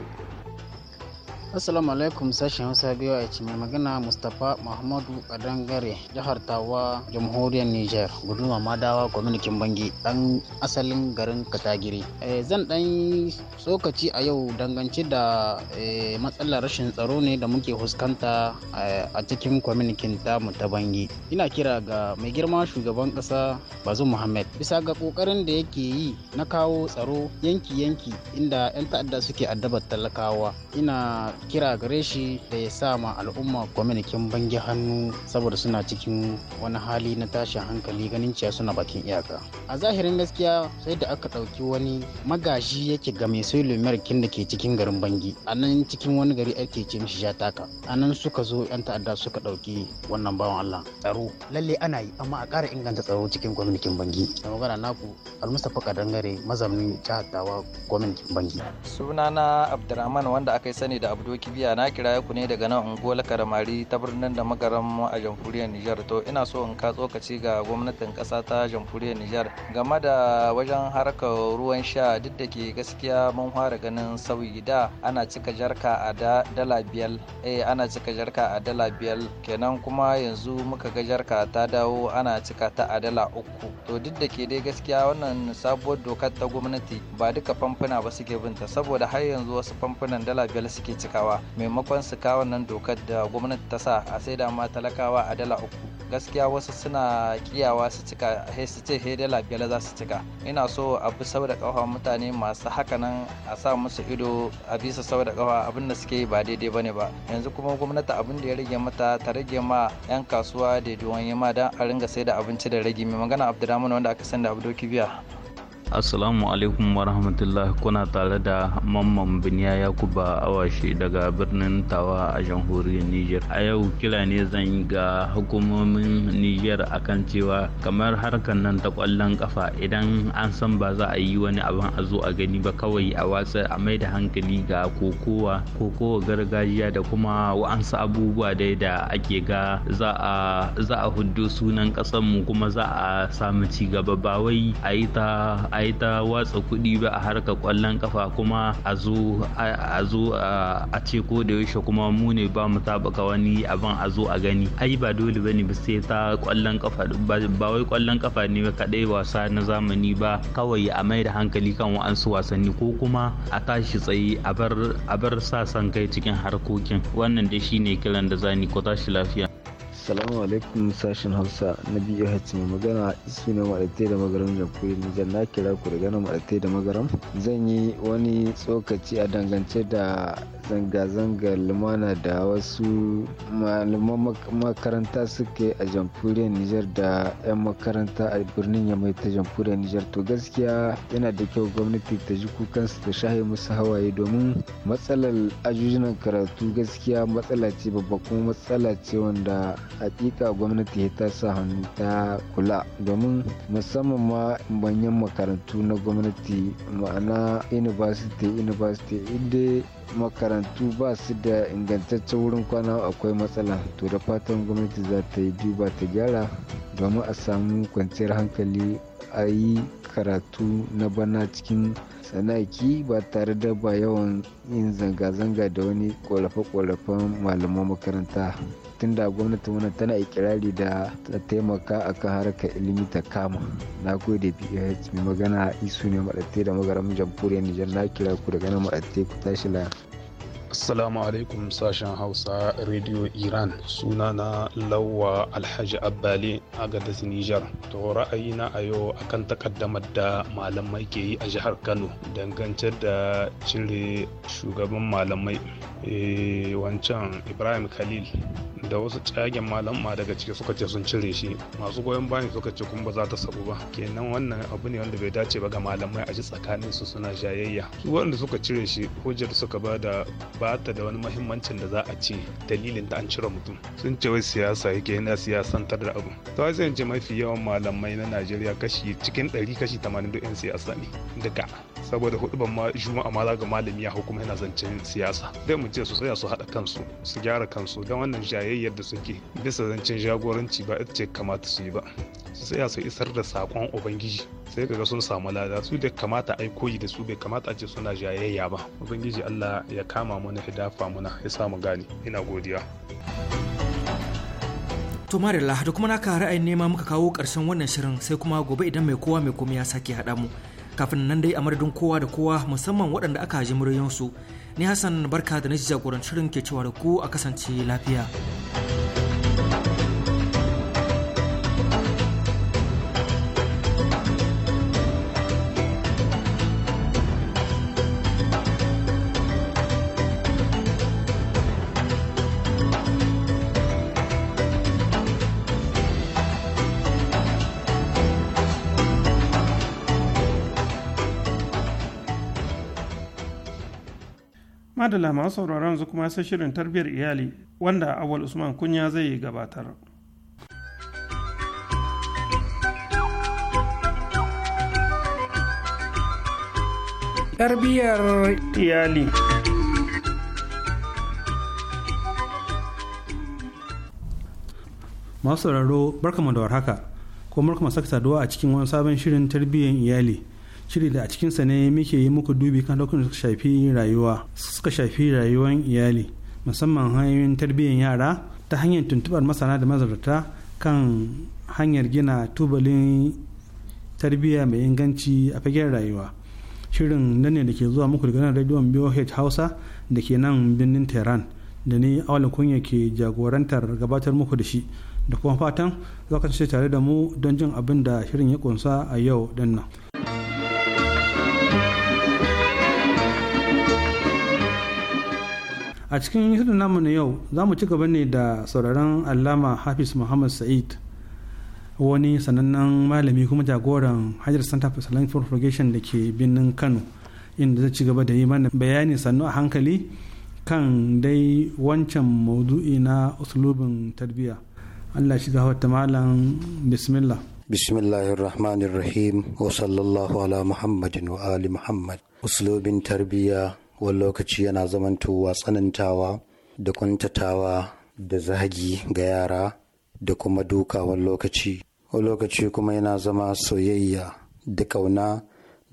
Assalamu alaikum sashen Hausa biyu a mai magana Mustapha Muhammadu dangare jihar Tawa jamhuriyar Niger guduma Madawa kwaminikin Bangi dan asalin garin Katagiri. Eh, zan dan tsokaci a yau dangance da eh, matsalar rashin tsaro ne da muke fuskanta eh, a cikin kwaminikin tamu ta Bangi. Ina kira ga mai girma shugaban kasa bazu Muhammad bisa ga kokarin da yake yi na kawo tsaro yanki-yanki inda 'yan ta'adda suke addabar talakawa. Ina kira gare shi da ya sa ma al'umma gwamnakin bangi hannu saboda suna cikin wani hali na tashin hankali ganin cewa suna bakin iyaka a zahirin gaskiya sai da aka ɗauki wani magashi yake ga mai sai lumerkin da ke cikin garin bangi Anan nan cikin wani gari ake ce mishi jataka a nan suka zo yan ta'adda suka ɗauki wannan bawan allah tsaro lalle ana yi amma a ƙara inganta tsaro cikin gwamnatin bangi da magana naku almustapha kadangare mazaunin jihar tawa gwamnatin bangi sunana abdurrahman wanda aka yi sani da abdu doki biya na kira ku ne daga nan unguwar karamari ta birnin da magaran a jamhuriyar nijar to ina so in ka tsokaci ga gwamnatin ƙasa ta jamhuriyar nijar game da wajen harkar ruwan sha duk da ke gaskiya mun fara ganin sauyi da ana cika jarka a dala biyar eh ana cika jarka a dala biyar kenan kuma yanzu muka ga jarka ta dawo ana cika ta a dala uku to duk da ke dai gaskiya wannan sabuwar dokar ta gwamnati ba duka famfuna ba suke binta saboda har yanzu wasu famfunan dala biyar suke cika talakawa maimakon su kawo nan dokar da gwamnati ta sa a saida ma talakawa a dala uku gaskiya wasu suna kiyawa su cika he su ce he dala biyar za su cika ina so a bi sau da kafa mutane masu haka nan a sa musu ido a bisa sau da kafa abin da suke ba daidai bane ba yanzu kuma gwamnati abin da ya rage mata ta rage ma yan kasuwa da duwan ma don a ringa sai da abinci da rage mai magana abdurrahman wanda aka san da abdoki biya Assalamu alaikum warahmatullahi kuna tare da mamman biniya yakuba awashi daga birnin tawa a jamhuriyar Nijar. A yau kila ne zan yi ga hukumomin Nijar kan cewa kamar harkar nan ta kwallon kafa idan an san ba za a yi wani abin a zo a gani ba kawai a watsa a mai da hankali ga kokowa kokowa gargajiya da kuma wa'ansu abubuwa dai da ake ga za a za a huddo sunan kasanmu kuma za a samu ci gaba ba wai a yi ta a yi ta watsa kuɗi ba a harkar ƙwallon kafa kuma a zo a ce ko da yaushe kuma mu ne ba mu taɓuka wani abin a zo a gani ai ba dole ba ne ba sai ta ƙwallon kafa ba wai ƙwallon kafa ne ba kaɗai wasa na zamani ba kawai a mai da hankali kan wa'ansu wasanni ko kuma a tashi tsaye a bar sa san kai cikin harkokin wannan dai shine kiran da zani ko tashi lafiya salamu alaikum sashen Hausa na biyu BOH mai magana isu na maɗatai da magaram jamhuriyar Nijar na kira ku daga nan maɗatai da magaram. Zan yi wani tsokaci a dangance da zanga-zangar lumana da wasu malaman makaranta suke a jamhuriyar Nijar da 'yan makaranta a birnin Yamai ta jamhuriyar Nijar. To gaskiya yana da kyau gwamnati ta ji kukansu ta shahe musu hawaye domin matsalar ajujunan karatu gaskiya matsala ce babba kuma matsala ce wanda hakika gwamnati ta sa hannu ta kula domin musamman ma manyan makarantu na gwamnati ma'ana university university inda makarantu ba su da ingantaccen wurin kwana akwai matsala to da fatan gwamnati za ta yi duba ta gyara domin a samu kwanciyar hankali a yi karatu na bana cikin tsanaki ba tare da ba yawan yin zanga-zanga da wani kwalafe-kwalafen malaman makaranta tun da gwamnati wani tana ikirari da ta taimaka kan harka ilimi ta kama na gode bh mai magana isu ne maɗatte da magaramin jamhuriyar nijar na kira ku daga nan maɗatte ku tashi lafiya Assalamu alaikum sashen Hausa Radio Iran suna na Lawa Alhaji Abbali a gadas Nijar. To ra'ayina a yau akan takaddamar da malamai ke yi a jihar Kano dangance da cire shugaban malamai e, wancan Ibrahim Khalil da wasu tsagen malamma daga ciki suka ce sun cire shi masu goyon bani suka ce kuma ba za ta sabu ba kenan wannan abu ne wanda bai dace ba ga malamai a ji tsakanin su suna jayayya su waɗanda suka cire shi hujjar suka ba da ba ta da wani mahimmancin da za a ce dalilin ta an cire mutum sun ce wai siyasa yake yana siyasantar da abu to sai ce mafi yawan malamai na najeriya kashi cikin ɗari kashi tamanin 'yan siyasa ne duka saboda hudu ban ma juma'a ma ga malami ya hukuma yana zancen siyasa dai mu ce su tsaya su haɗa kansu su gyara kansu dan wannan jayayyar da suke bisa zancen jagoranci ba ita ce kamata su yi ba su tsaya su isar da sakon ubangiji sai kaga sun samu lada su da kamata ai koyi da su bai kamata a ce suna jayayya ba ubangiji Allah ya kama mu na hidafa na ya mu gane ina godiya To Marilla da kuma naka ra'ayin nema muka kawo karshen wannan shirin sai kuma gobe idan mai kowa mai komai ya sake haɗa mu kafin nan dai a madadin kowa da kowa musamman waɗanda aka ji muryoyinsu ni hassan barka da na jagorancin ke cewa da ku a kasance lafiya. madalla masu sauraron yanzu kuma sai shirin tarbiyyar iyali wanda awal usman kunya zai yi gabatar tarbiyyar iyali masu sauraro barkamu da warhaka ko barkamu saka saduwa a cikin wani sabon shirin tarbiyyar iyali shiri da a cikinsa ne muke yi muku dubi kan lokacin suka shafi rayuwa suka shafi rayuwar iyali musamman hanyoyin tarbiyyar yara ta hanyar tuntubar masana da mazarta kan hanyar gina tubalin tarbiyya mai inganci a fagen rayuwa shirin nan ne da ke zuwa muku daga nan rediyon boh hausa da ke nan birnin tehran da ni awala kunya ke jagorantar gabatar muku da shi da kuma fatan za ka tare da mu don jin abin da shirin ya kunsa a yau din nan. a cikin hidin namu na yau za mu ci gaba ne da sauraron alama hafiz muhammad sa'id wani sanannen malami kuma jagoran hajjar center for salon propagation da ke birnin kano inda zai ci gaba da yi mana bayani sannu a hankali kan dai wancan maudu'i na usulubin tarbiyya allah shi wata malam bismillah الرحمن الرحيم وصلى ala muhammadin محمد ali muhammad usulubin tarbiyya wani lokaci yana zamantowa tsanantawa da kwantatawa da zagi ga yara da kuma duka wani lokaci wani lokaci kuma yana zama soyayya da ƙauna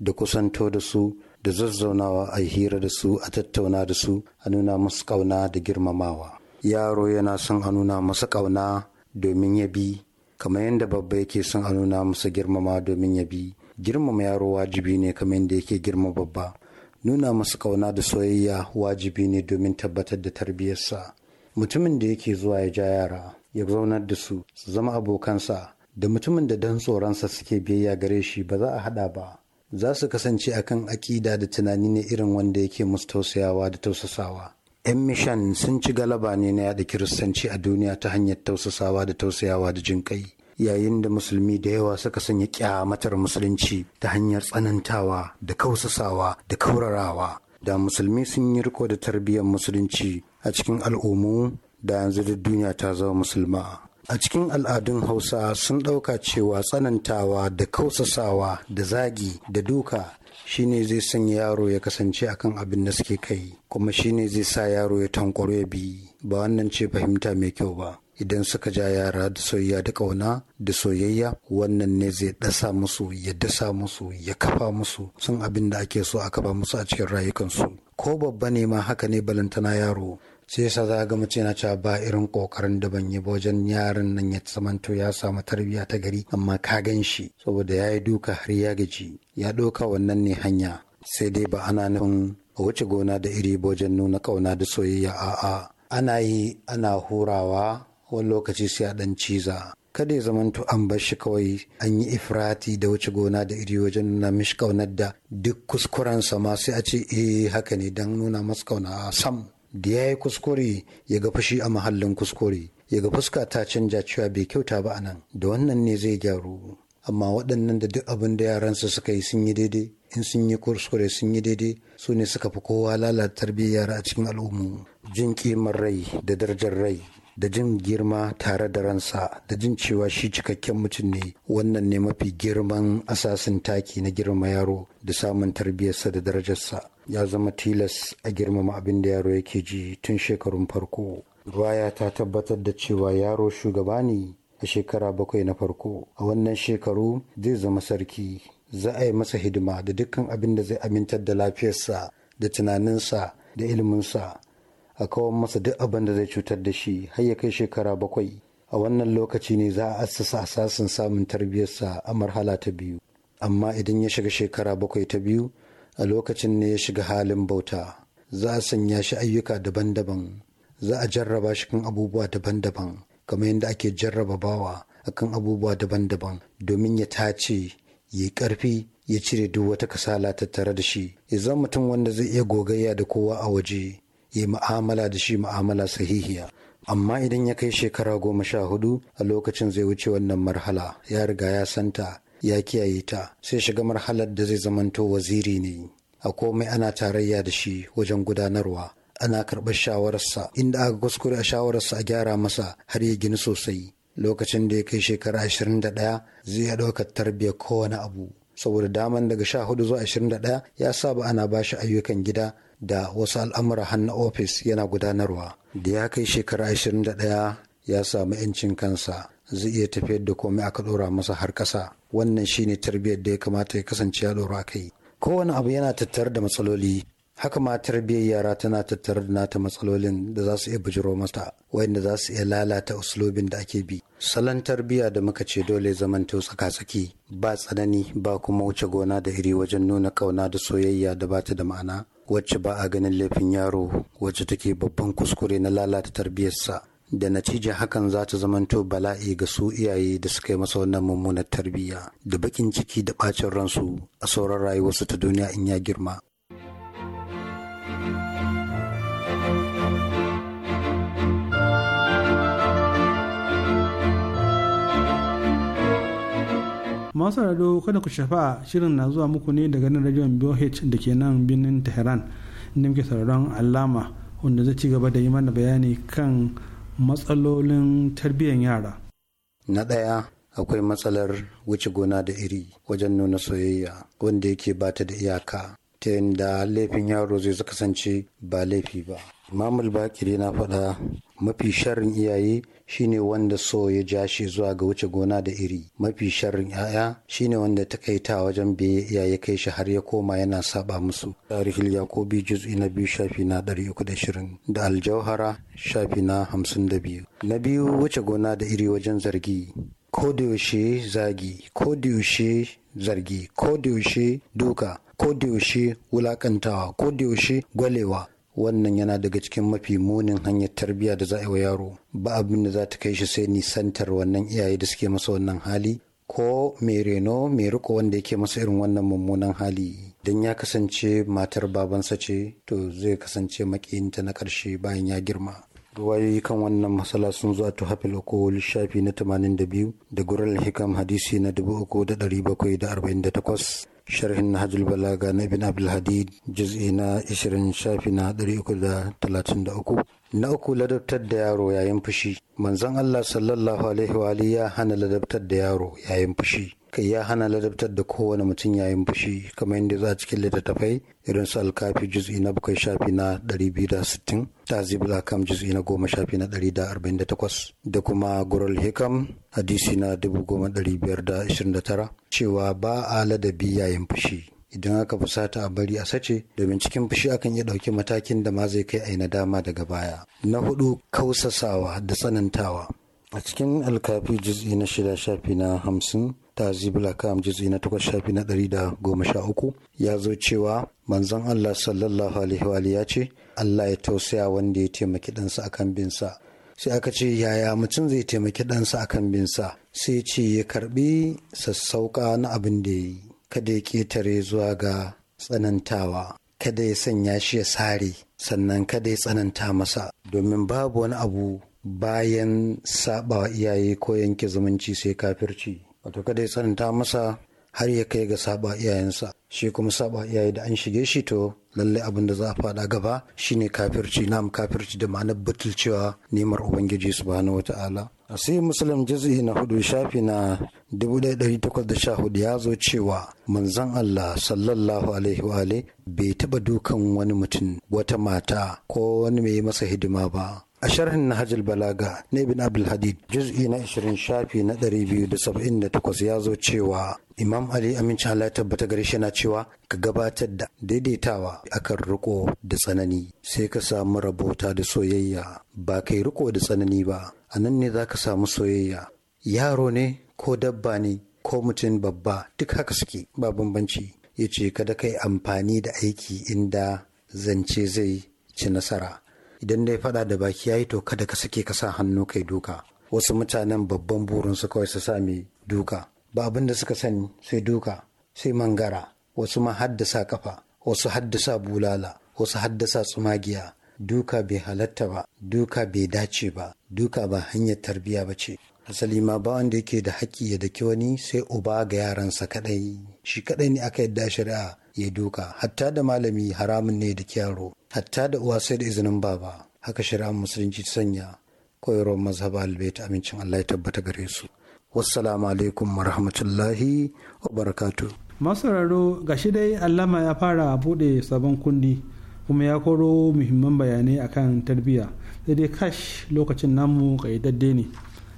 da kusanto da su da zazzaunawa a hira da su a tattauna da su a nuna musu ƙauna da girmamawa yaro yana son a nuna masa ƙauna domin ya bi kamar yadda babba yake son a nuna masa girmama domin ya bi girmama yaro wajibi ne kamar yadda yake girma babba nuna masa kauna da soyayya wajibi ne domin tabbatar da tarbiyyarsa mutumin da yake zuwa ya ja yara ya zaunar da su su zama abokansa da mutumin da dan tsoronsa suke biyayya gare shi ba za a hada ba za su kasance akan aƙida da tunani ne irin wanda yake musu tausayawa da tausasawa 'yan mishan sun ci galaba ne na yada kiristanci a duniya ta hanyar tausasawa da tausayawa da jinkai yayin da musulmi da yawa suka sanya kyamatar musulunci ta hanyar tsanantawa da kausasawa da kaurarawa da musulmi sun yi riko da tarbiyyar musulunci a cikin al'ummu da yanzu da duniya ta zama musulma a cikin al'adun hausa sun ɗauka cewa tsanantawa da kausasawa da zagi da duka shine zai sanya yaro ya kasance akan abin da suke kai kuma shine zai sa yaro ya tankwaro ya bi ba wannan ce fahimta mai kyau ba idan suka ja yara da soyayya da ƙauna da soyayya wannan ne zai dasa musu ya dasa musu ya kafa musu sun abin da ake so a kafa musu a cikin rayukansu ko babba ne ma haka ne balantana yaro sai yasa za ga mace na cewa ba irin kokarin da ban yi ba wajen yaron nan ya samanto ya samu tarbiyya ta gari amma ka gan shi saboda ya yi duka har ya gaji ya ɗauka wannan ne hanya sai dai ba ana nufin a wuce gona da iri wajen nuna ƙauna da soyayya a'a ana yi ana hurawa wani lokaci sai a ɗan ciza kada ya zamanto an bar shi kawai an yi ifrati da wuce gona da iri wajen nuna mishi kaunar da duk kuskurensa ma sai a ce eh haka ne dan nuna masa kauna sam da ya yi kuskure ya ga fushi a mahallin kuskure ya ga fuska ta canja cewa bai kyauta ba a nan da wannan ne zai gyaru amma waɗannan da duk abin da yaransa suka yi sun yi daidai in sun yi kuskure sun yi daidai su ne suka fi kowa lalata tarbiyyar a cikin al'ummu jin kimar rai da darajar rai da jin girma tare da ransa da jin cewa shi cikakken mutum ne wannan ne mafi girman asasin taki na girma yaro da samun tarbiyyarsa da darajarsa ya zama tilas a girmama abin da yaro yake ji tun shekarun farko ruwaya ta tabbatar da cewa yaro shugaba ne a shekara bakwai na farko a wannan shekaru zai zama sarki za a yi masa hidima da dukkan abin da zai amintar da lafiyarsa da tunaninsa da iliminsa a kawar masa duk abin da zai cutar da shi har ya kai shekara bakwai a wannan lokaci ne za a assasa asasin samun tarbiyyarsa a marhala ta biyu amma idan ya shiga shekara bakwai ta biyu a lokacin ne ya shiga halin bauta za a sanya shi ayyuka daban-daban za a jarraba shi kan abubuwa daban-daban kamar yadda ake jarraba bawa akan abubuwa daban-daban domin ya tace ya karfi ya cire duk wata kasala tattare da shi ya zama mutum wanda zai iya gogayya da kowa a waje ya mu'amala da shi mu'amala sahihiya amma idan ya kai shekara goma sha hudu a lokacin zai wuce wannan marhala ya riga ya santa ya kiyaye ta sai shiga marhalar da zai zamanto waziri ne a komai ana tarayya da shi wajen gudanarwa ana karɓar shawararsa inda aka kuskure a shawararsa a gyara masa har ya gini sosai lokacin da ya kai shekara ashirin da ɗaya zai ya ɗaukar tarbiyyar kowane abu saboda daman daga sha hudu zuwa ashirin da ɗaya ya saba ana bashi ayyukan gida da wasu al'amura hannu ofis yana gudanarwa da ya kai shekara ɗaya ya samu 'yancin kansa zai iya tafiyar da komai aka ɗora masa har ƙasa wannan shine tarbiyyar da ya kamata ya kasance ya ɗora kai kowane abu yana tattare da matsaloli haka ma tarbiyyar yara tana tattare da nata matsalolin da za su iya bujiro mata wayanda za su iya lalata uslubin da ake bi salon tarbiyya da muka ce dole zamanto tsaka-tsaki ba tsanani ba kuma wuce gona da iri wajen nuna kauna da soyayya da bata da ma'ana wacce ba a ganin laifin yaro wacce take babban kuskure na lalata tarbiyyarsa da natija hakan za ta zamanto bala'i ga su iyaye da suka yi masa wannan mummunar tarbiyya da bakin ciki da ɓacin ransu a sauran rayuwarsu ta duniya in ya girma masu rado kada ku shafa shirin na zuwa muku ne daga nan rajon boh da ke nan birnin tehran inda muke sauraron alama wanda zai ci gaba da yi mana bayani kan matsalolin tarbiyyar yara na ɗaya akwai matsalar wuce gona da iri wajen nuna soyayya wanda yake bata da iyaka ta yadda laifin yaro zai kasance ba laifi ba mamul bakiri na faɗa mafi sharrin iyaye shine wanda so ya ja shi zuwa ga wuce gona da iri mafi sharrin 'ya'ya shine wanda ta takaita wajen biye iyaye kai shi har ya koma yana saba musu tarihil yakobi juz'i na biyu shafi na 320 da aljauhara shafi na 52 na biyu wuce gona da iri wajen zargi ko da yaushe zagi ko da yaushe zargi ko da yaushe duka ko da yaushe wulakantawa ko da yaushe gwalewa wannan yana daga cikin mafi munin hanyar tarbiyya da za a yi wa yaro ba abin da za ta kai shi sai nisantar wannan iyaye da suke masa wannan hali ko mai reno mai riko wanda yake masa irin wannan mummunan hali don ya kasance matar babansa ce to zai kasance makiyinta na karshe bayan ya girma ruwayoyi kan wannan masala sun zo a tuhafil okowol shafi na 82 da gural hikam hadisi na 3748 sharhin Nahjul Balaga na Ibn Abdul Hadid juz'i na 20 shafi na 333 na uku ladabtar da yaro yayin fushi manzon Allah sallallahu alaihi wa ya hana ladabtar da yaro yayin fushi kai ya hana ladabtar da kowane mutum yayin fushi kamar yadda za a cikin littattafai irin su alkafi juz'i na bakwai shafi na 260 tazibul hakam juz'i na goma shafi na 148 da kuma gural hikam hadisi na 10529 cewa ba a ladabi yayin fushi idan aka fusata a bari a sace domin cikin fushi akan iya ɗauki matakin da ma zai kai a nadama daga baya na hudu kausasawa da tsanantawa a cikin alkafi juz'i na shida shafi na hamsin ta zibila kam jizi na takwas shafi na ɗari da goma sha uku ya zo cewa manzon Allah sallallahu alaihi wa ya ce Allah ya tausaya wanda ya taimaki ɗansa akan binsa sai aka ce yaya mutum zai taimaki ɗansa akan binsa sai ce ya karbi sassauka na abin da ya yi kada ya ƙetare zuwa ga tsanantawa kada ya sanya shi ya sare sannan kada ya tsananta masa domin babu wani abu bayan saɓawa iyaye ko yanke zumunci sai kafirci wato kada ya tsananta masa har ya kai ga saba iyayensa shi kuma saba iyaye da an shige shi to lallai abin da za a faɗa gaba shine kafirci nam kafirci da ma'anar butulcewa nemar ubangiji subhanahu wata'ala a sai muslim juz'i na hudu shafi na 1814 ya zo cewa manzon Allah sallallahu alaihi wa bai taba dukan wani mutum wata mata ko wani mai masa hidima ba a sharhin hajjal Balaga na Ibn abdulhadid Hadid juz'i na 20 shafi na 278 ya zo cewa Imam Ali aminci Allah ya tabbata gare shi na cewa ka gabatar da daidaitawa akan riko da tsanani sai ka samu rabota da soyayya ba kai riko da tsanani ba a nan ne za ka samu soyayya yaro ne ko dabba ne ko mutum babba duk haka suke ba bambanci ya ce kada ka yi amfani da aiki inda zance zai ci nasara idan dai faɗa da baki yayi to kada ka sake ka sa hannu kai duka wasu mutanen babban burin su kawai su sami duka ba abin da suka sani sai duka sai mangara wasu ma haddasa kafa wasu haddasa bulala wasu haddasa tsumagiya duka bai halatta ba duka bai dace ba duka ba hanyar tarbiyya ba ce asali ma ba wanda yake da haƙƙi ya daki wani sai uba ga yaransa kaɗai shi kaɗai ne aka yadda shari'a ya duka hatta da malami haramun ne da yaro hatta da uwa sai da izinin baba haka shari'ar musulunci sanya koyarwar mazhaba albait amincin Allah ya tabbata gare su wassalamu alaikum wa rahmatullahi wa barakatu masararo gashi dai allama ya fara bude sabon kundi kuma ya koro muhimman bayanai akan tarbiyya sai dai kash lokacin namu kaidadde ne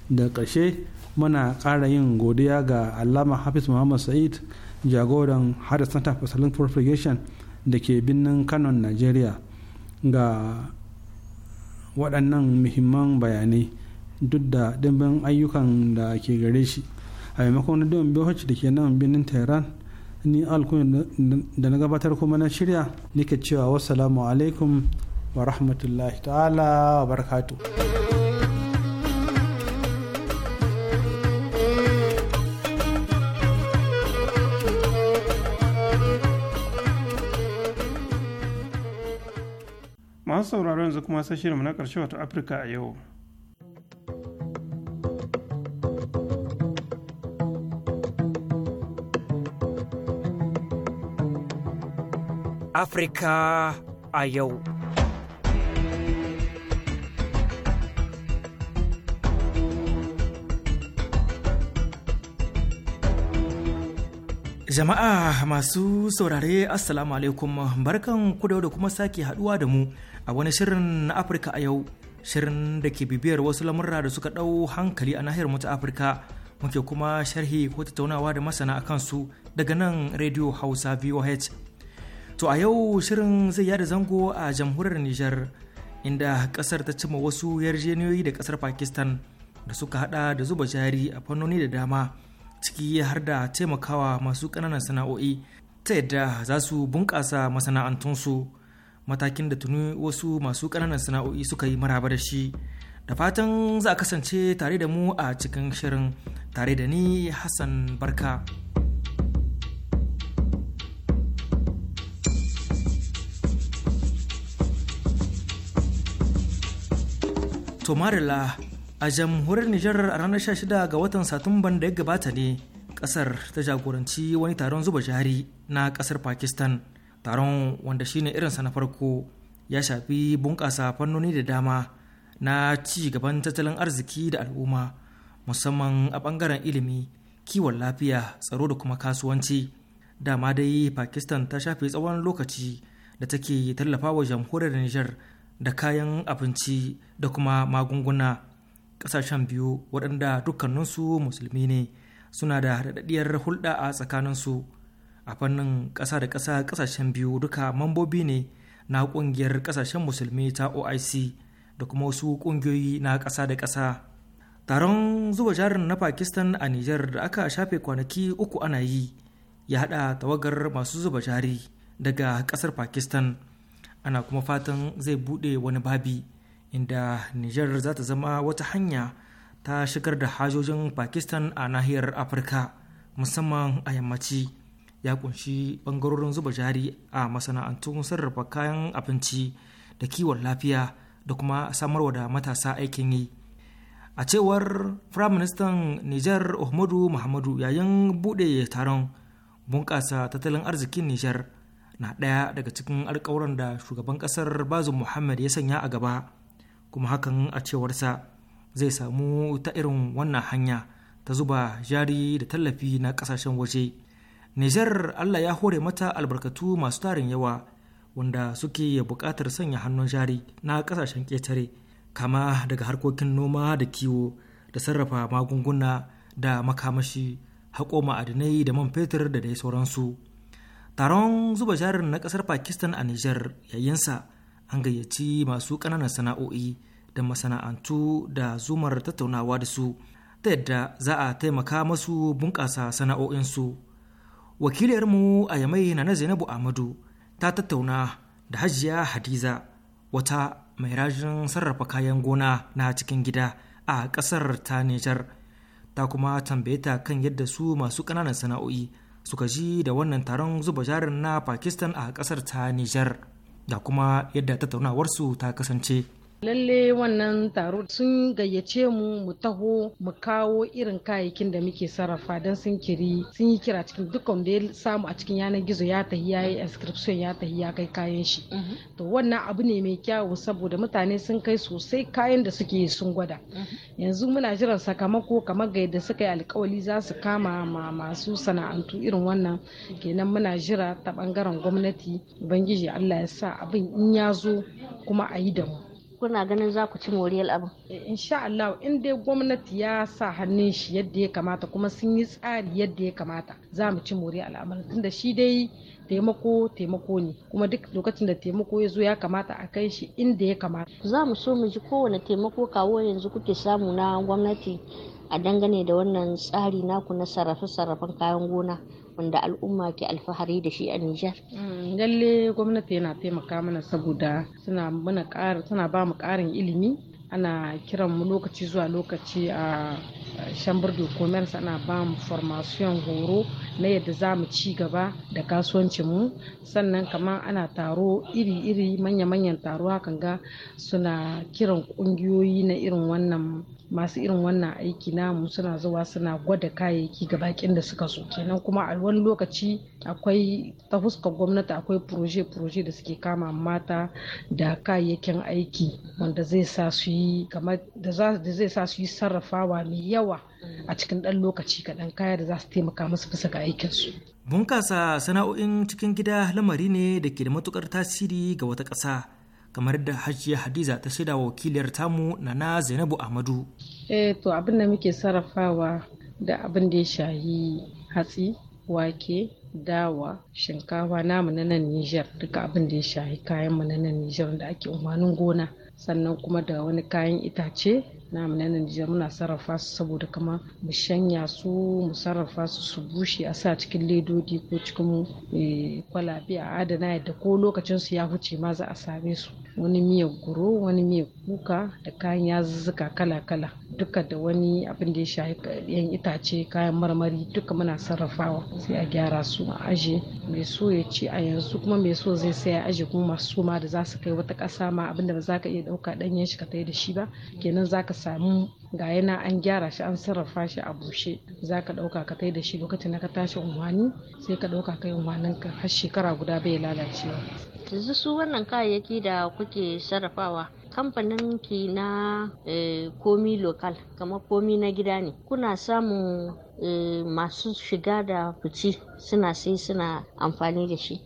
da karshe muna ƙara yin godiya ga allama hafiz muhammad sa'id jagoran hada center for propagation da ke birnin kanon nigeria ga waɗannan muhimman bayanai duk da dimbin ayyukan da ke gare shi a maimakon rediyon BOH da ke nan birnin tehran ni alkun da na gabatar kuma na shirya nake cewa wasu alaikum wa rahmatullahi ta'ala wa barakatuh masu sauraron yanzu kuma sai shirinmu na ƙarshe wato afirka a yau afirka a yau Jama'a masu saurare Assalamu alaikum barkan ku da kuma sake haduwa da mu a wani shirin na Afirka a yau shirin da ke bibiyar wasu lamurra da suka ɗau hankali a nahiyar mu ta Afirka muke kuma sharhi ko tattaunawa da masana a kansu daga nan Radio Hausa VOH. To a yau shirin zai yada zango a jamhuriyar Nijar inda kasar ta cima wasu yarjejeniyoyi da kasar Pakistan da suka hada da zuba jari a fannoni da dama. ciki har da taimakawa masu ƙananan sana'o'i ta yadda za su bunƙasa masana'antunsu matakin da tuni wasu masu ƙananan sana'o'i suka yi maraba da shi da fatan za a kasance tare da mu a cikin shirin tare da ni hassan barka to a jamhuriyar nijar a ranar 16 ga watan satumban da ya gabata ne kasar ta jagoranci wani taron zuba jari na kasar pakistan taron wanda shine irinsa na farko ya shafi bunƙasa fannoni da dama na ci gaban tattalin arziki da al'umma musamman a ɓangaren ilimi kiwon lafiya tsaro da kuma kasuwanci dama dai pakistan ta shafe tsawon lokaci da take tallafa wa jamhuriyar niger da kayan abinci da kuma magunguna ƙasashen biyu waɗanda dukkaninsu musulmi ne suna da haɗaɗɗiyar hulɗa a tsakaninsu a fannin ƙasa da ƙasa ƙasashen biyu duka mambobi ne na ƙungiyar ƙasashen musulmi ta oic da kuma wasu ƙungiyoyi na ƙasa da ƙasa taron zuba jarin na pakistan a niger da aka shafe kwanaki uku ana yi ya haɗa tawagar masu zuba jari daga ƙasar pakistan ana kuma fatan zai buɗe wani babi inda nijar za ta zama wata hanya ta shigar da hajojin pakistan a nahiyar afirka musamman a yammaci ya kunshi bangarorin zuba jari a masana'antun sarrafa kayan abinci da kiwon lafiya da kuma samarwa da matasa aikin yi a cewar firaministan nijar ahmadu muhammadu yayin buɗe taron bunƙasa tattalin arzikin nijar na ɗaya daga cikin alkawuran da shugaban ƙasar Bazum muhammad ya sanya a gaba kuma hakan a cewarsa zai samu ta irin wannan hanya ta zuba jari da tallafi na kasashen waje nijar allah ya hore mata albarkatu masu tarin yawa wanda suke buƙatar sanya hannun jari na kasashen ƙetare kama daga harkokin noma da kiwo da sarrafa magunguna da makamashi haƙo ma'adinai da man fetur da dai sauransu taron zuba jarin na ƙasar pakistan a nijar yayinsa an gayyaci masu ƙananan sana'o'i da masana'antu da zumar tattaunawa da su ta yadda za a taimaka masu bunƙasa sana'o'insu wakiliyarmu a yamai na na zainabu amadu ta tattauna da hajiya hadiza wata mai rajin sarrafa kayan gona na cikin gida a ƙasar ta nijar ta kuma tambaye ta kan yadda su masu ƙananan sana'o'i suka ji da wannan taron zuba jarin na pakistan a ƙasar ta nijar da kuma yadda tattaunawarsu ta kasance lalle wannan taro sun gayyace mu mu taho mu kawo irin kayayyakin da muke sarrafa don sun kiri sun yi kira cikin dukkan da ya samu a cikin yanar gizo ya tafi ya yi inscription ya tafi ya kai kayan shi mm-hmm. to wannan abu ne mai kyawu saboda mutane sun kai sosai kayan da suke sun gwada mm-hmm. yanzu muna jiran sakamako kamar ga yadda suka yi alkawali za su kama ma masu sana'antu irin wannan kenan muna jira ta bangaren gwamnati ubangiji Allah ya sa abin in ya zo kuma a yi da mu kuna ganin za ku ci moriyar abin eh, insha Allah in dai gwamnati ya sa hannun shi yadda ya kamata kuma sun yi tsari yadda ya kamata za mu ci moriyar al'amarin tunda shi dai taimako taimako ne kuma duk lokacin da taimako ya zo ya kamata a kai shi inda ya kamata za mu so mu ji kowane taimako kawo yanzu kuke samu na gwamnati a dangane da wannan tsari naku na sarrafe-sarrafen kayan gona wanda al'umma ke alfahari da shi a Nijar. Mm, lalle gwamnati yana taimaka mana saboda suna mana ba mu ƙarin ilimi ana kiran mu lokaci zuwa lokaci a chamber de commerce ana ba mu formation horo na yadda za mu ci gaba da kasuwancin mu. sannan kamar ana taro iri-iri manya-manyan taro hakan ga suna kiran kungiyoyi na irin wannan masu irin wannan aiki namu suna zuwa suna gwada kayayyaki ga bakin da suka so kenan kuma a wani lokaci akwai ta fuskar gwamnati akwai proje-proje da suke kama mata da kayayyakin aiki wanda zai sa su yi da zai sa su yi sarrafawa mai yawa a cikin ɗan lokaci kaɗan kaya da za su taimaka musu bisa ga su Bunkasa sana'o'in cikin gida lamari ne da ke da matukar tasiri ga wata ƙasa. kamar da hajiya hadiza ta shaida wa wakiliyar tamu nana zainabu ahmadu eh to abin da muke sarrafawa da abin da ya shayi hatsi wake dawa shinkafa na nan nijar duka abin da ya shayi kayan mu na nijar da ake umarnin gona sannan kuma da wani kayan itace namu na Nijar muna sarrafa su saboda kama mu shanya su mu sarrafa su su bushe a sa cikin ledodi ko cikin eh, kwalabe a adana yadda ko lokacin su ya huce ma za a same su wani miyar goro wani miyar kuka da kayan yazuzzuka kala-kala duka da wani abin da ya shafi yan itace kayan marmari duka muna sarrafawa sai a gyara su a aje mai so ya ci a yanzu kuma mai so zai saya a aje kuma masu suma da za su kai wata ƙasa ma abin da ba za ka iya ɗauka ɗanyen shi ka tai da shi ba kenan za ka samu ga yana an gyara shi an sarrafa shi a bushe za ka ɗauka ka tai da shi lokacin na ka tashi unwani sai ka ɗauka kai unwanin ka har shekara guda bai lalacewa yanzu su wannan kayayyaki da kuke sarrafawa kamfanin ki na eh, komi lokal kama komi na gida ne kuna samun eh, masu shiga da fici suna sai suna amfani da shi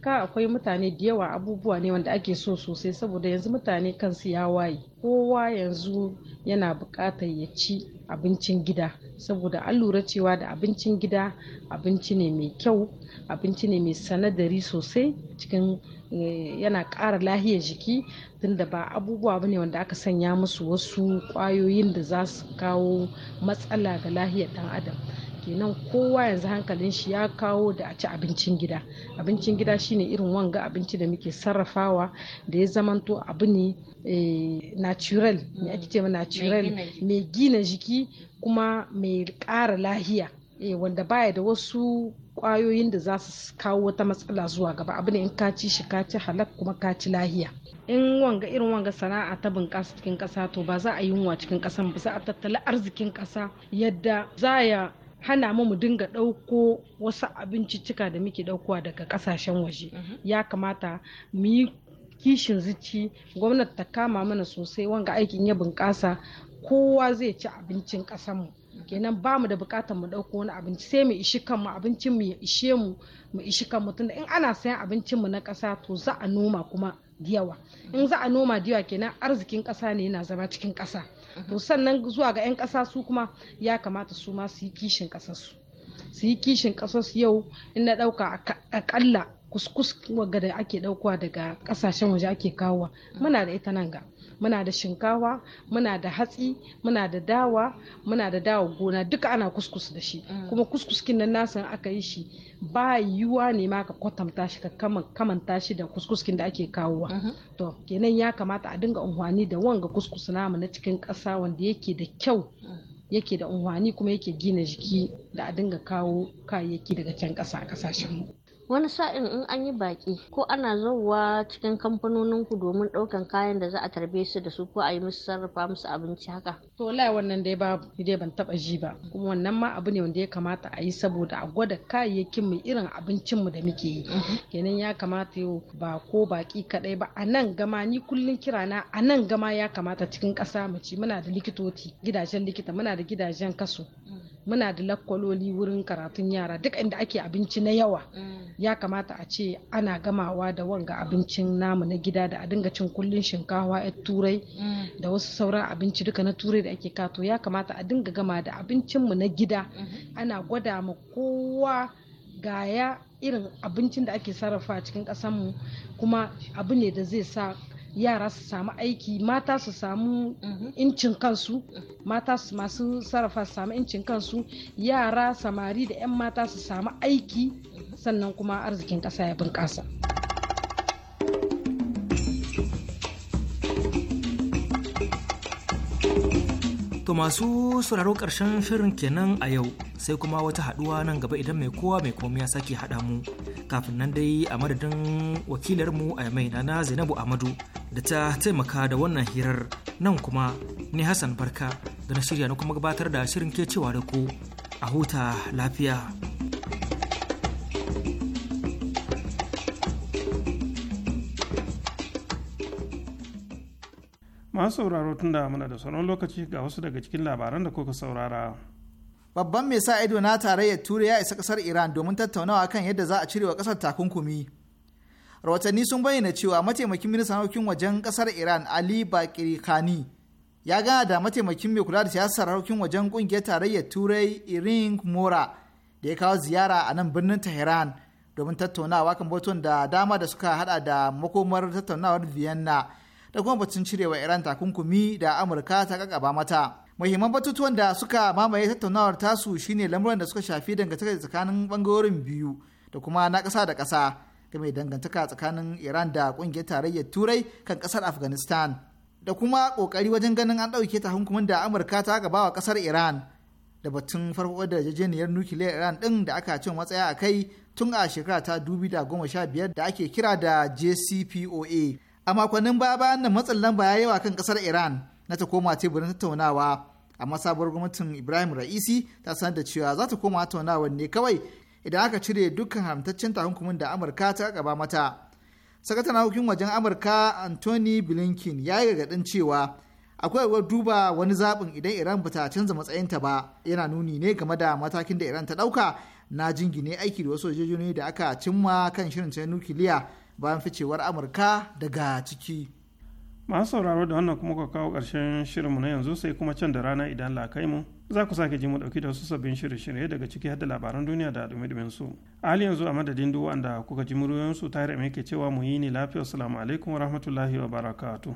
ka akwai mutane da yawa abubuwa ne wanda ake so sosai saboda yanzu mutane kansu ya waye kowa yanzu yana buƙatar ya ci abincin gida saboda an lura cewa da abincin gida abinci ne mai kyau abinci ne mai sanadari sosai cikin eh, yana ƙara lahiyar jiki tunda ba abubuwa bane wanda aka sanya musu wasu ƙwayoyin da za su kawo matsala ga lahiyar ɗan adam kenan kowa yanzu hankalin shi ya kawo da a ci abincin gida abincin gida shine irin wanga abinci da muke sarrafawa da ya zamanto abu ne eh, natural ake mm. natural mai gina jiki kuma mai ƙara lahiya eh, wanda baya da wasu kwayoyin da za su kawo wata matsala zuwa gaba abu ne in ka ci shi ka ci halak kuma ka ci lahiya in wanga irin wanga sana'a ta bunƙasa cikin ƙasa to ba za a yi yunwa cikin ƙasa ba za a tattala arzikin ƙasa yadda za ya hana mu mu dinga ɗauko wasu abinciccika da muke ɗaukowa daga kasashen waje mhm. ya kamata mu yi kishin zici gwamnati ta kama mana sosai wanga aikin ya bunƙasa kowa zai ci abincin ƙasanmu mhm. kenan ba mu da bukatar mu ɗauko wani abinci sai mu ishi kanmu abincin mu ya ishe mu mu ishi kanmu tunda in ana sayan abincin mu na ƙasa to za a noma kuma da yawa in za a noma da yawa kenan arzikin ƙasa ne yana zama cikin ƙasa to sannan zuwa ga 'yan ƙasa su kuma ya kamata su ma su yi kishin ƙasarsu su yi kishin ƙasarsu yau in na ɗauka akalla kuskus da ake ɗaukuwa daga kasashen waje ake kawowa muna da ita nan ga muna da shinkawa muna da hatsi muna da dawa muna da dawa gona duka ana kuskus da shi mm. kuma kuskuskin na nan nasan aka yi shi ba yiwuwa ne ma ka kwatanta shi ka kamanta shi da kuskuskin da ake kawowa mm-hmm. to kenan ya kamata a dinga unhwani da wanga kuskus namu na cikin ƙasa wanda yake da kyau mm. yake da unhwani kuma yake gina jiki da a dinga kawo kayayyaki daga can ƙasa a kasashen mu wani sa'in in an yi baki ko ana zauwa cikin kamfanonin ku domin ɗaukan kayan da za a tarbe su da su ko a yi musu sarrafa musu abinci haka to lai wannan dai ba dai ban taba ji ba kuma wannan ma abu ne wanda ya kamata a yi saboda a gwada kayayyakin mu irin abincin mu da muke yi mhm. kenan ya kamata yau ba ko baki kadai ba a nan gama ni kullun kira na a nan gama ya kamata cikin ƙasa mu ci muna da likitoci gidajen likita muna da gidajen kaso mhm. muna da lakwaloli wurin karatun yara duk inda ake abinci na yawa mm. ya kamata a ce ana gamawa da wanga abincin namu na gida da a dinga cin kullun shinkawa yar turai da wasu sauran abinci duka na turai da ake kato ya kamata a dinga gama da abincinmu na gida ana gwada ma kowa gaya irin abincin da ake sarrafa cikin kasanmu kuma abu ne da zai sa yara su samu aiki mata su samu mhm. incin kansu mhm. mata masu sarrafa su samu incin kansu yara samari da 'yan mata su samu aiki mhm. sannan kuma arzikin ƙasa ya bunƙasa. To masu sauraro karshen shirin kenan a yau sai kuma wata haɗuwa nan gaba idan mai kowa mai komi ya sake haɗa mu kafin nan dai a madadin wakilarmu a mai na Zainabu Amadu da ta taimaka da wannan hirar nan kuma ni Hassan Barka da na shirya na kuma gabatar da shirin ke cewa da ku a huta lafiya. masu sauraro tun da muna da sauran lokaci ga wasu daga cikin labaran da kuka saurara babban mai sa ido na tarayyar turai ya isa kasar iran domin tattaunawa kan yadda za a cire wa kasar takunkumi rahotanni sun bayyana cewa mataimakin ministan harkokin wajen kasar iran ali bakiri khani ya gana da mataimakin mai kula da siyasar harkokin wajen kungiyar tarayyar turai irin mora da ya kawo ziyara a nan birnin tehran domin tattaunawa kan batun da dama da suka hada da makomar tattaunawar vienna da kuma batun cirewa Iran takunkumi da Amurka ta kakaba mata. Muhimman batutuwan da suka mamaye tattaunawar tasu shine lamuran da suka shafi dangantaka tsakanin bangarorin biyu da kuma na ƙasa da ƙasa game dangantaka tsakanin Iran da ƙungiyar tarayyar Turai kan kasar Afghanistan da kuma ƙoƙari wajen ganin an ɗauke takunkumin da Amurka ta gaba wa kasar Iran da batun farko da yarjejeniyar nukiliyar Iran ɗin da aka cin matsaya a kai tun a shekara ta 2015 da ake kira da JCPOA. a makonnin baya bayan nan matsin lamba ya yawa kan kasar iran na ta koma teburin tattaunawa amma sabuwar gwamnatin ibrahim ra'isi ta sanar da cewa za ta koma tattaunawar ne kawai idan aka cire dukkan haramtaccen takunkumin da amurka ta gaba mata sakataren hukumar wajen amurka anthony blinken ya yi gargaɗin cewa akwai wa duba wani zaɓin idan iran ba ta canza matsayinta ba yana nuni ne game da matakin da iran ta ɗauka na jingine aiki da wasu sojojin da aka cimma kan shirin nukiliya bayan ficewar amurka daga ciki masu sauraro da wannan kuma ka kawo ƙarshen shirinmu na yanzu sai kuma can da rana idan la mu za ku sake ji mu dauki da wasu sabbin shirye-shirye daga ciki har da labaran duniya da dumi su a hali yanzu a madadin duk wanda kuka ji muryoyin su tare mai ke cewa mu yi ni lafiya assalamu alaikum wa rahmatullahi wa barakatu.